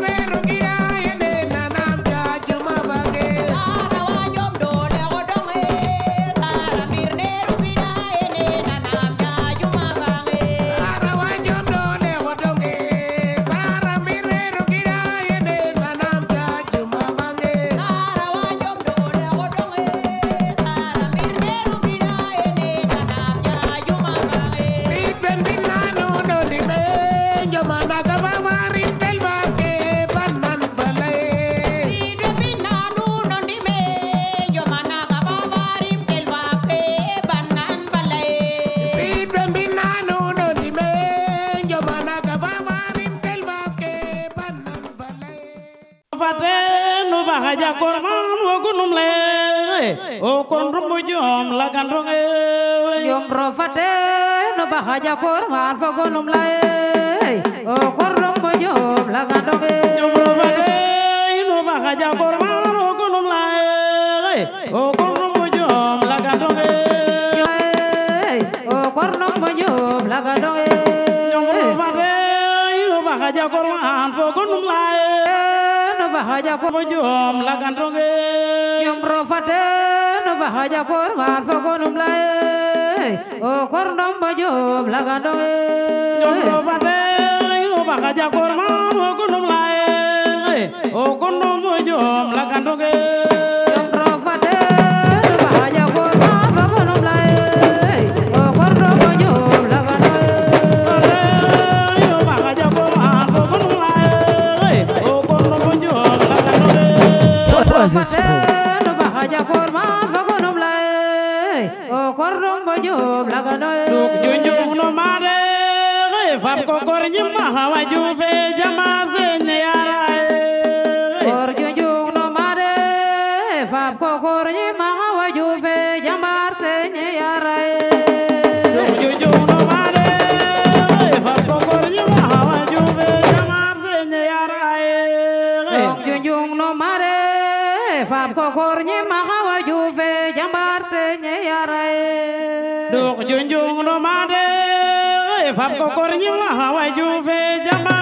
Perro gunum le o oh, kon rumbu jom la gan ronge jom profate no bahaja kor man fa gunum le o oh, kon rumbu jom la gan ronge jom profate no bahaja kor man fa gunum le o oh, kon rumbu jom la gan ronge o kon rumbu jom la gan ronge jom profate no bahaja kor man fa gunum le eh, no bahaja kor jom la gan ronge ñombro fate no bahaja kor mar fogonum laye o oh, kor ndombo job lagandonge ñombro fate o oh, bahaja kor mar fogonum laye o oh, kor ndombo job lagandonge no maade e fab ko kor nyima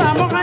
Amor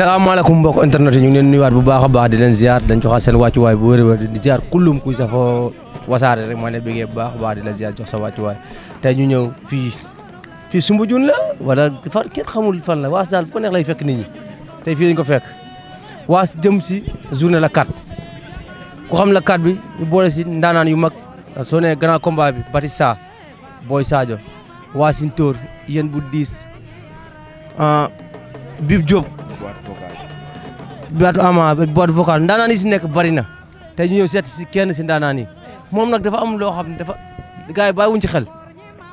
salaamaaleykum mbokk internet yi ñu ngi ni nuyuwaat bu baax a baax di leen ziar dañ joxaat seen wàccuwaay bu wërëwër di ziar kullum kuy safoo wasaare rek maa ngi lay bëggee bu baax a baax di la ziar jox sa wàccuwaay tey ñu ñëw fii fii Soumbédioune la wala fan kenn xamul fan la waas daal fu ko neex lay fekk nit ñi tey fii lañ ko fekk waas jëm si journée la 4 ku xam la bi ñu boole si ndaanaan yu mag soo nee grand combat bi Batista Boy Sadio Wassintor yéen bu diis ah, boîte vocale. boîte ama boîte vocale ndaanaan si nekk bari na te ñu ñëw seet si kenn si ndaanaan yi moom nag dafa am loo xam ne dafa gars yi bàyyiwuñ ci xel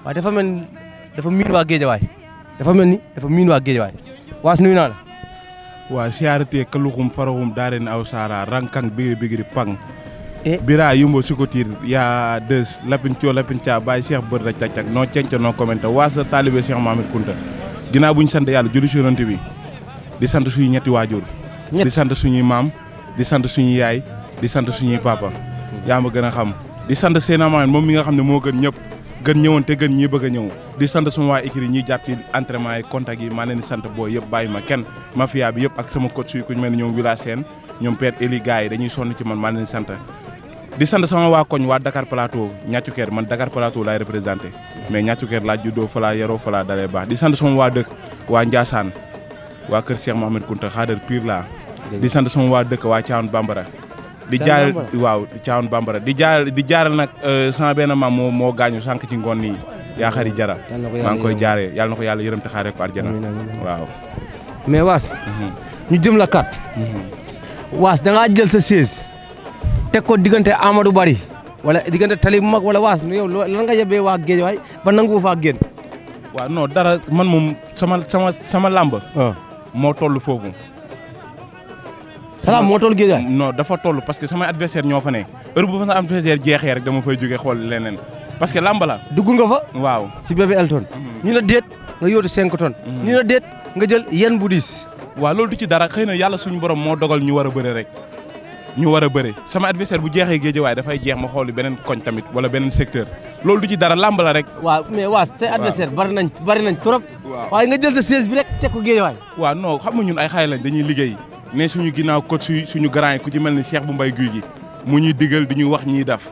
waaye dafa mel ni dafa waa géejawaay dafa mel ni dafa miin waa géejawaay waas nuyu naa la. waa siyaarate kaluxum faraxum daaren aw saara rankang bigiri bigiri pang eh? bira yumbo sukotir ya des lapin coo lapin caa bàyyi cheikh bërda cak-cak noo cenco noo commenté waas la taalibe cheikh mahamad kunta ginnaaw bu ñu sant yàlla julli si yonante bi di sant suñu ñetti waajur di sant suñuy maam di sant suñuy yaay di sant suñuy papa yaa ma gën a xam di sant seen amaan moom mi nga xam ne moo gën ñëpp gën ñëwoon te gën ñii bëgg a ñëw di sant suma waa écrit ñiy jàpp ci entraînement yi contact yi leen di sant boo yëpp bàyyi ma kenn ma bi yëpp ak sama coach yi ku ñu mel ni ñoom Wila Sène ñoom Eli gars dañuy sonn ci man maa leen sant di sant sama waa koñ waa Dakar Plateau ñàccu keer man Dakar Plateau laay représenté mais ñàccu keer laa juddoo fa laa yaroo fa laa baax di sant sama waa waa Ndiassane waa kër Cheikh Mouhamed Kounta xaadar pire laa di sant sama waa dëkk waa Thiawane Bambara di jaaral waaw Thiawane Bambara di jaaral di jaaral nag euh, sama benn moo moo gaañu sànq ci ngoon nii yaa xari jara maa ngi koy jaaree yàlla na ko yàlla yërëm te xaaree ko àjjana waaw mais waas mhm. ñu jëm la kat mhm. waas da jël sa siège teg ko diggante Amadou Bari wala diggante tali bu mag wala waas nu yow lan nga yebbee waa géej waay ba nangu fa génn waaw non dara man moom sama sama sama làmb ah. moo toll foofu. salaam moo toll géejaay noo dafa toll parce que samay adversaire ñoo fa ne heure bu fa sa adversaire jeexee rek dama fay jóge xool leneen parce que làmb la. dugg nga fa. waaw si bébé Elton. ñu mhm. la déet nga yóotu 5 tonnes. ñu mhm. la déet nga jël yenn bu diis. waaw loolu du ci dara xëy na yàlla suñu borom moo dogal ñu war a bëre rek. ñu war a bëre sama adversaire bu jeexee géejewaay dafay jeex ma xooli beneen koñ tamit wala beneen secteur loolu du ci dara làmb rek. waaw mais waa say adversaire bari nañ bari nañ trop. waaye nga jël sa siège bi rek teg ko géejewaay. waaw non xam nga ñun ay xale lañ dañuy liggéey ne suñu ginnaaw kot suñu grand yi ku ci mel ni Cheikh bu mbay guy gi mu ñuy digal di ñuy wax ñuy def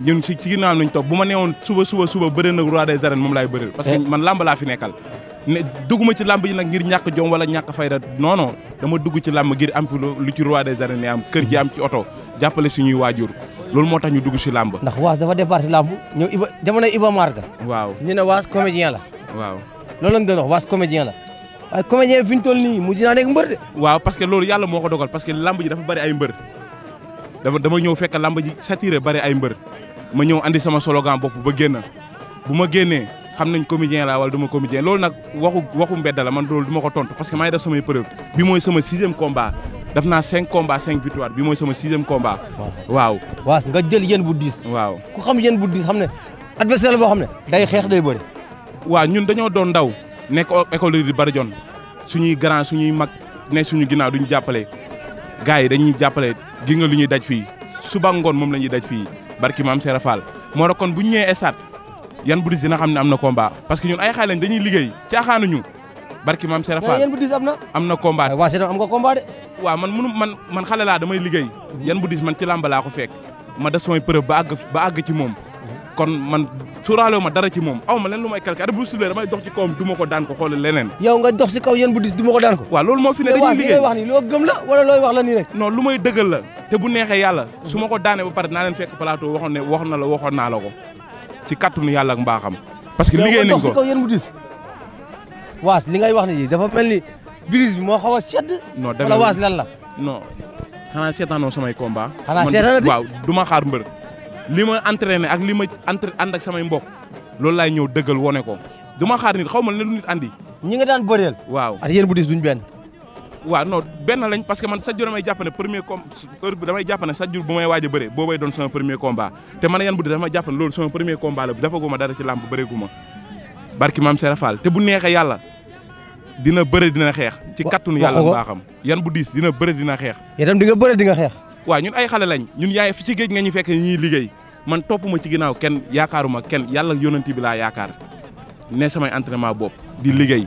ñun si ci ginnaaw lañ topp bu ma woon suba suba suba bëre nag roi des arènes moom laay bëre parce que eh. man làmb laa fi nekkal ne dugguma ci làmb yi nag ngir ñàkk jom wala ñàkk fayda non non dama dugg ci làmb ngir am lu ci roi des arènes am kër ji am ci oto jàppale suñuy waajur loolu moo tax ñu dugg si làmb ndax waas dafa départ si làmb ñëw Iba jamono Iba Mar ga waaw ñu ne waas comédien la waaw loolu lañ doon wax waas comédien la waaye comédien bi fi ñu toll nii mu dinaa nekk mbër de waaw parce que loolu yàlla moo ko dogal parce que làmb ji dafa bëri ay mbër dama dama ñëw fekk làmb ji saturé bëri ay mbër ma ñëw andi sama slogan bopp ba génn bu ma génnee xam nañ comédien laa wala du ma comédien loolu nag waxu waxu mbedd la man loolu du ma ko tontu parce que maa ngi samay preuve bi mooy sama sixième combat def naa cinq combats cinq victoires bi mooy sama sixième combat. waaw waaw nga jël yéen bu waaw ku xam yéen bu xam ne adversaire la boo xam ne day xeex day bëri. waaw ñun dañoo doon daw nekk école di bari jon suñuy grand suñuy mag ne suñu ginnaaw duñu jàppale gars yi dañuy jàppale gi nga lu ñuy daj fii suba ngoon moom la ñuy daj fii barki maam Serap Fall moo yan bu dis dina xam ne am na combat parce que ñun ay xale lañ dañuy liggéey caaxaanuñu barki maam Serap Fall yan bu dis am na. am na combat waaw Seydou am nga combat de. waaw man munu man man xale laa damay liggéey. Mhm. yan bu dis man ci làmb laa ko fekk. ma def samay preuve ba àgg ci moom. kon man sóoraale ma dara ci moom aw ma leen lu may calculer ada bu sulee damay dox ci kawam du ma ko daan ko xool leneen yow nga dox ci kaw yéen bu dis du ko daan ko lu may dëggal la te bu neexee yàlla su ma mhm. ko daanee ba pare naa leen fekk plateau waxoon ne na la waxoon naa la ci kàttanu yàlla ak mbaaxam. parce que liggéey nañ ko waas li ngay wax ni dafa mel ni brise bi moo xaw a sedd. non wala waas lan la. non xanaa seetaanoo samay combat. xanaa seetaanati waaw du ma xaar mbër. li ma entraîné ak li ma entre ànd ak samay mbok loolu laay ñëw dëgël wone ko du ma xaar nit xaw ma lu nit andi. ñi nga daan bëreel. waaw ak yéen bu dis duñ benn. waaw non benn lañ parce que man chaque jour damay jàpp ne premier com heure bi damay jàpp bu may waaj a bëre boobay doon sama premier combat te man yan bu dee damay jàpp ne loolu sama premier combat la defaguma dara ci làmb bëreeguma barki maam Serafal te bu neexee yàlla dina bëre dina xeex. ci kattanu yàlla baaxam yan bu diis dina bëre dina xeex. itam di nga bëre di nga xeex. waa ñun ay xale lañ ñun yaay fi ci géej nga ñu fekk ñii liggéey man topp ma ci ginaaw kenn yaakaaruma kenn yàlla yonanti bi laa yaakaar ne samay entraînement bopp di liggéey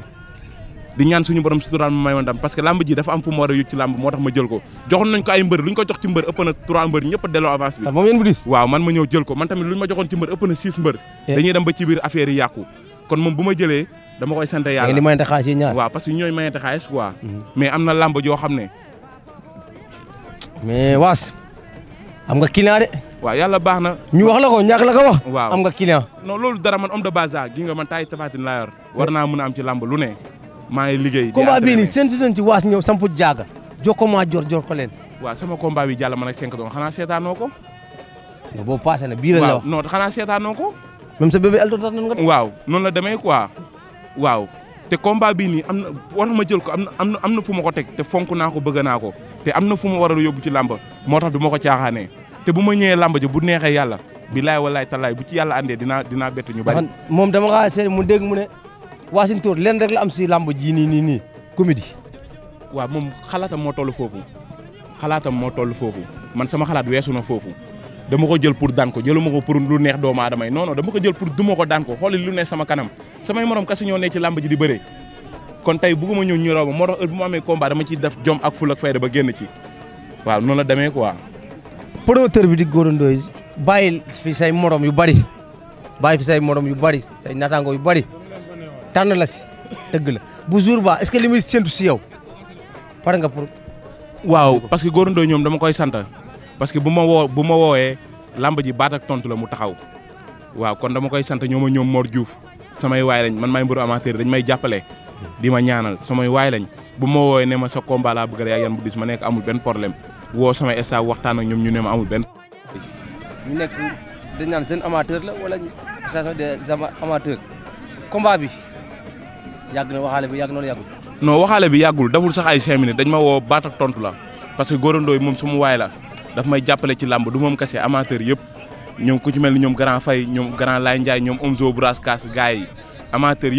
di ñaan suñu borom suturaal ma ma ndam parce que lamb ji dafa am fu mu war a yóbbu ci moo tax ma jël ko joxoon nañ ko ay mbër lu ñu ko jox ci mbër ëpp na 3 mbër ñëpp a delloo avance bi ah, moom yéen bu dis waaw man ma ñëw jël ko man tamit lu ñu ma joxoon ci mbër ëpp na 6 mbër eh. dañuy dem ba ci biir affaire yi yàqu kon moom bu ma jëlee dama koy sant yàlla di mayante xaalis yi ñaar waaw parce que ñooy mayante xaalis quoi mm-hmm. mais am na lamb joo xam ne mais waas am nga client de waaw yàlla baax na ñu wax la ko ñàkk la ko wax waaw am nga client non loolu dara man homme de base nga man taay tafatin laa war eh. naa mën am ci lamb lu ne maa ngi liggéey. combat bii nii séntu nañ ci waas ñëw sampu jaaga jokkoo maa jor jor ko leen. waaw sama combat bi jàll man ak 5 doon xanaa seetaanoo ko. non la la ko. sa na waaw noonu la demee quoi waaw. te combat bii nii am na war ma jël ko am na am na fu ma ko teg te fonk naa ko bëgg naa ko te am na fu ma war a yóbbu ci làmba moo tax du ma ko caaxaanee te bu ma ñëwee làmba bu neexee yàlla bilaay walaay talaay bu ci yàlla àndee dinaa dinaa ñu bari moom dama xaa seet mu dégg mu ne Wassintor leen rek la am si làmb ji nii nii nii comédie. waaw moom xalaatam moo toll foofu xalaatam moo toll foofu man sama xalaat weesu na foofu dama ko jël pour daan ko jëluma ko pour lu neex doomu aadama yi non dama ko jël pour duma ko daan ko xooli lu ne sama kanam samay morom kasi ñoo ne ci làmb ji di bëree. kon tey bugguma ñëw ñu ma moo tax heure bu ma amee combat dama ciy def jom ak ful ak fayda ba génn ci waaw noon la demee quoi. promoteur bi di Gora Ndoye bàyyi say morom yu bari bàyyi fi say morom yu bari say naataango yu bari. tànn la si dëgg la bu jour baa est-ce que li muy séntu si pare nga pour. waaw parce que góorandoo ñoom dama koy santa parce que bu ma woo bu ma woowee làmb ji baat tontu la mu taxaw waaw kon dama koy sant ñoom ak ñoom Mor Diouf sama waay lañ man maay mbëru amateur dañ may jàppale di ma ñaanal sama waay lañ bu ma woowee ne ma sa combat laa bëgg a yaa bu dis ma nekk amul benn problème woo sama staff waxtaan ak ñoom ñu ne ma amul benn. mu nekk dañ naan jeune amateur la wala association des amateurs combat bi. yàgg na waxaale bi yàgg na yàggul. non waxaale bi yàggul daful sax ay cinq minutes dañ ma woo baat tontu la parce que góorandoo moom su mu la daf may jàppale ci làmb du moom kese amateur yëpp ñoom ku ñoom grand Faye ñoom grand Laye Ndiaye ñoom Omzo Bras Kass gars yi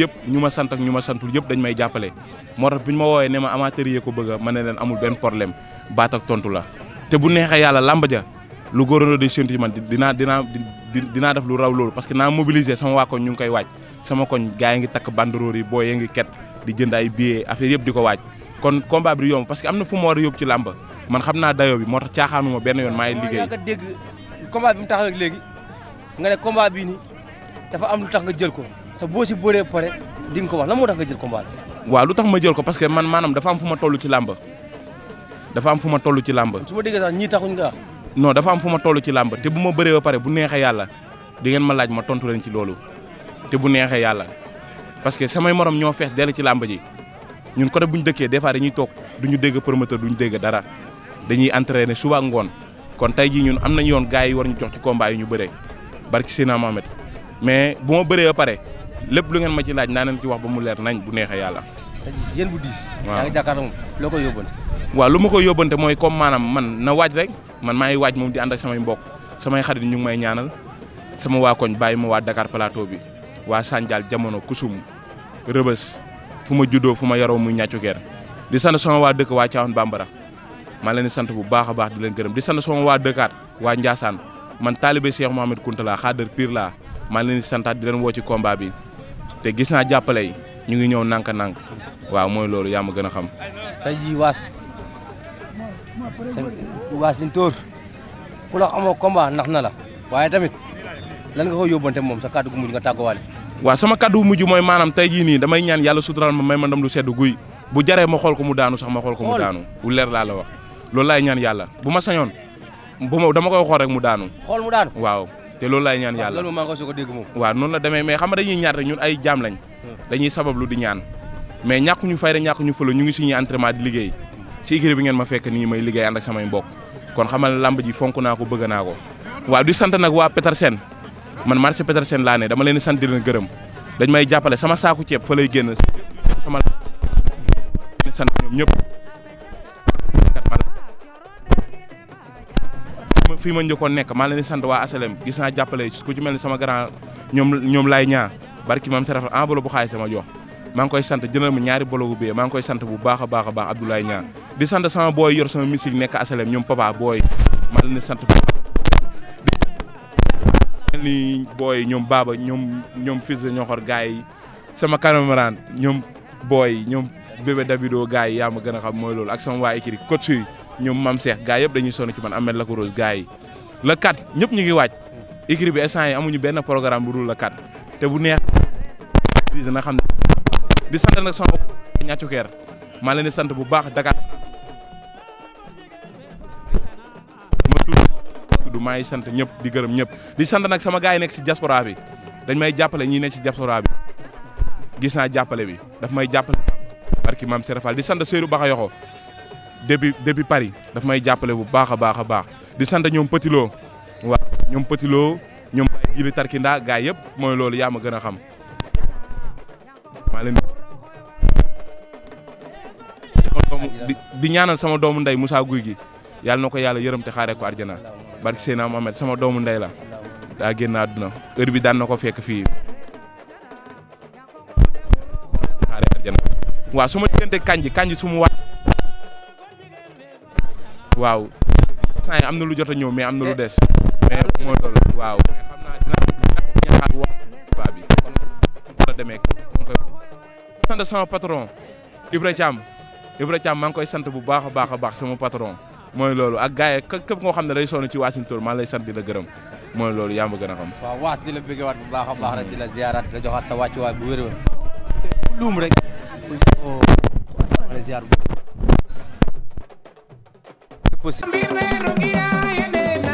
yëpp ñu ma sant ñu ma santul yëpp dañ may jàppale moo tax bi ñu ma woowee ne ma amateur yee ko bëgg a ma ne leen amul benn problème baat ak tontu la te bu neexee yàlla làmb ja lu góorandoo di séntu di dinaa def lu raw loolu parce que naa mobiliser sama waa koñ ñu ngi koy waaj sama koñ gars yi ngi takk banderoor yi booy yi ket di jënd ay billets affaire yëpp di ko waaj kon combat bi yomb parce am na a yóbbu moo tax caaxaanuma benn yoon maa ngi liggéey nga dégg combat bi mu taxaw léegi nga ne combat bii ni dafa am lu tax nga jël ko sa boo si bëree pare di ko wax la moo tax nga jël combat bi waaw lu tax ma jël ko parce que man maanaam dafa am fu ma tollu ci làmba dafa am fu ma toll ci làmba su ma déggee sax ñii taxuñ nga non dafa am fu ma toll ci làmb te bu ma bëree ba pare bu neexee yàlla di ngeen ma laaj ma tontu leen ci loolu te bu neexee yàlla parce que samay morom ñoo fees dell ci làmb ji ñun côté bu ñu dëkkee des fois dañuy toog duñu dégg promoteur ñu dégg dara dañuy entraîner suba ngoon kon tey jii ñun am nañ yoon gars yi war ñu jox ci combat yi ñu bëree barki Seydina Mohamed mais bu ma bëree ba pare lépp lu ngeen ma ci laaj naa leen ci wax ba mu leer nañ bu neexee yàlla. yéen bu diis. waaw yaa ngi jàkkaarloo moom loo lu ma koy yóbbante mooy comme maanaam man na waaj rek man maa ngi waaj moom di ànd ak samay mbokk samay xarit ñu ngi may ñaanal sama waa koñ bàyyi ma waa Dakar Plateau bi waa Sandial jamono kusum rëbës fu ma juddoo fu ma yaroo muy ñàccu geer di sant sama waa dëkk waa Thiawane Bambara maa leen di sant bu baax a baax di leen gërëm di sant sama waa dëkkaat waa Ndiassane man taalibe Cheikh Mohamed Kounta laa xaadar pire laa man leen santaat di leen woo ci kombaa bi te gis naa jàppale yi ñu ngi ñëw nànk-nànk waaw mooy loolu yaa ma gën a xam. seen waa sin tóor ku la amoo combat nax na la waaye tamit lan nga ko yóbbante moom sax kàddu gu mujj nga tàggowaale waaw sama kàddu mujj mooy maanaam tey jii nii damay ñaan yàlla sutural ma may ma ndam lu sedd guy bu jaree ma xool ko mu daanu sax ma xool ko mu daanu bu leer laa la wax loolu laay ñaan yàlla bu ma sañoon bu ma dama koy xool rek mu daanu xool mu daanu waaw te loolu laay ñaan yàlla loolu maa ko dégg moom waaw noonu la demee mais xam nga dañuy ñaar rek ñun ay jaam lañ hmm. dañuy sabablu di ñaan mais ñàkk ñu fayda ñàkk ñu fële ñu ngi suñuy entraînement di liggéey ci écurie bi ngeen ma fekk ni may liggéey ànd ak samay mbokk kon xamal lamb ji fonk naa ko bëgg naa ko waaw di sant nag waa Petersen man marché Petersen laa ne dama leen di gërëm dañ may jàppale sama saaku ceeb fa lay génn sama sant ñoom ñëpp fii ma njëkkoon nekk maa leen di sant waa asalem gis naa jàppale ku ci mel ni sama grand ñoom ñoom laay ñaa barki maam sa rafet enveloppe bu xaalis sama jox maa ngi koy sant jëndal ma ñaari bologu bee maa ngi koy sant bu baax a baax a baax Abdoulaye Niang di sant sama booy yor sama musique nekk asalem ñoom papa booy maa leen di sant ni booy ñoom baaba ñoom ñoom fils de ñoxor gars yi sama cameraman ñoom booy ñoom bébé Davido gars yaa ma gën a xam mooy loolu ak sama waa écrit coach yi ñoom Mame Cheikh gars yëpp dañuy sonn ci man Amel Lakorose gars yi la kat ñëpp ñu ngi waaj écrit bi instant yi amuñu benn programme bu dul la kat te bu neex dina xam di sant nag sama ñàccu keer maa leen di sant bu baax Dakar ma tudd maa ngi sant ñëpp di gërëm di sant nag sama gars yi nekk ci diaspora bi dañ may jàppale ñi nekk ci diaspora bi gis naa jàppale bi daf may jàppale barki maam Serafal di sant Seydou Bakhayokho depuis depuis pari daf may jàppale bu baax a baax a baax di sant ñoom Petit Lo waaw ñoom Petit ñoom Baye Jili Tarkinda gars yëpp mooy loolu yaa ma gën a xam maa leen di ñaanal sama doomu ndey Moussa Guy gi yàlla na ko yàlla yërëm te xaaree ko arjana barki Seydina Mohamed sama doomu ndey la daa génn àdduna heure bi daan na ko fekk fii xaaree arjana waaw sama diggante kanji kanji su mu waat waaw sant am na lu jot a ñëw mais am na lu des mais moo loolu waaw sama patron Ibrahima Ibra Thiam maa ngi koy sant bu baax a baax a baax sama patron mooy loolu a gars yi képp koo xam ne day sonn ci Wassintor maa lay sant di la gërëm mooy loolu yaa ma gën a xam. waaw waas di la bëggewaat bu baax a baax rek di la ziaraat di la joxaat sa wàccuwaay bu wér-wér. luum rek. ziar